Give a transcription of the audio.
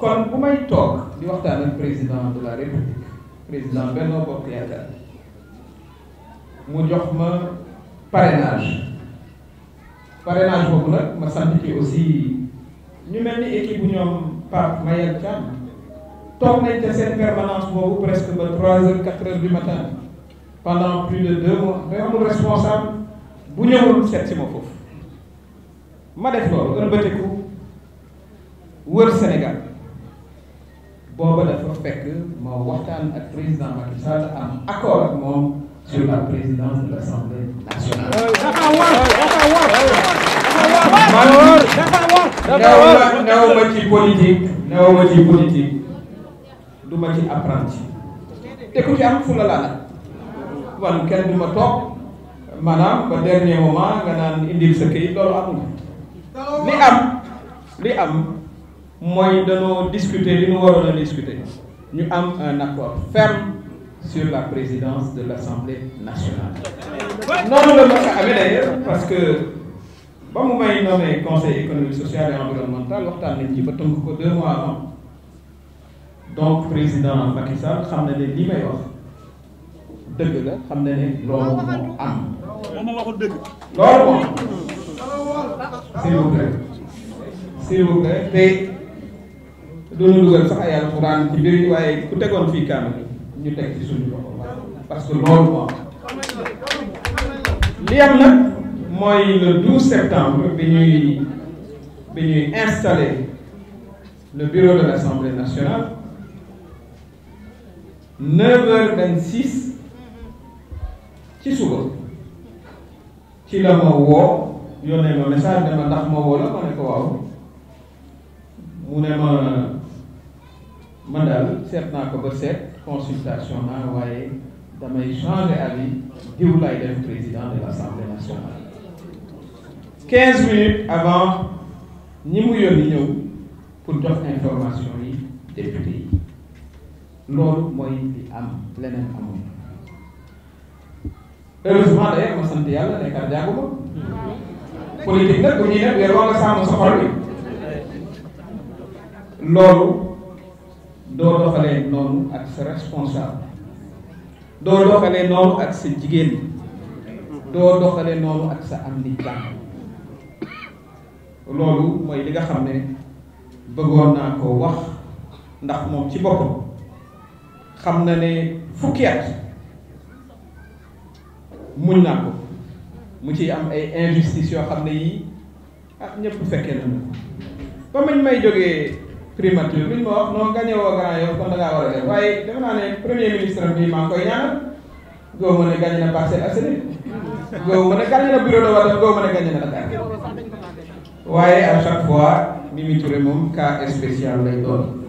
kon bu may toog di waxtaan ak président de la république président Benno Bokk Yaakaar mu jox ma parrainage parrainage boobu nag ma sant ci aussi ñu mel ni équipe bu ñoom Pape Mayel Thiam toog nañ ca seen permanence boobu presque ba trois heures quatre heures du matin pendant plus de deux mois day amul responsable bu ñëwul seet si ma foofu ma def loolu ërbatiku wër Sénégal booba dafa fekk ma waxtaan ak président Macky Sall am accord ak moom sur la présidence de l'Assemblée nationale. man néew ma ci politique néew ma ci politique du ma ci apprenti te ku ci am fula laa nag wan kenn du ma toog maanaam ba dernier moment nga naan indil sa këyit loolu amul li am li am. mooy danoo discuter li ñu waroon a discuter ñu am un accord ferme sur la présidence de l'Assemblée nationale noonu la ma ko amee d'ailleurs parce que ba mu may nommé conseil économique social et environnemental waxtaan nañ ci ba ko deux mois avant donc président Macky xam na ne li may dëgg la xam na ne loolu moo am loolu moo am s'il vous plaît s'il vous te doon dugal sax ay alxuraan ci mbir yi waaye ku tegoon fii kaamil ñu teg ci suñu loxo parce que loolu moo li am nag mooy le 12 septembre bi ñuy bi ñuy installé le bureau de l'Assemblée nationale 9h26 ci suba ci la ma woo yónnee ma message ne ma ndax ma woo la ma ne ko man daal seet naa ko ba seet consultation naa waaye damay changer avis diw laay def président de l'Assemblée nationale. 15 minutes avant ñi mu yónni ñëw pour jox information yi député yi loolu mooy li am leneen amul. heureusement d'ailleurs ma sant yàlla nekkaat jàngu ko. politique nag bu ñuy def weer waa nga sàmm sa xol bi. loolu. doo doxalee noonu ak sa responsable doo doxalee noonu ak sa jigéen doo doxalee noonu ak sa am ni jàmm loolu mooy li nga xam ne bëggoon naa ko wax ndax moom ci boppam xam na ne fukki at muñ naa ko mu ci am ay injustice yoo xam ne yii ah ñëpp fekkee nañu ko ba mañ may jógee primature bi ñu ma wax noo gagné woo Grand kon da war a def waaye defe naa ne premier ministre bi maa ngi koy ñaanal góob ma ne gagné na Parcelles Assainies góob ma ne gagné na bureau de vote góob ma ne gagné na Dakar waaye à chaque fois Mimi moom cas spécial lay doon.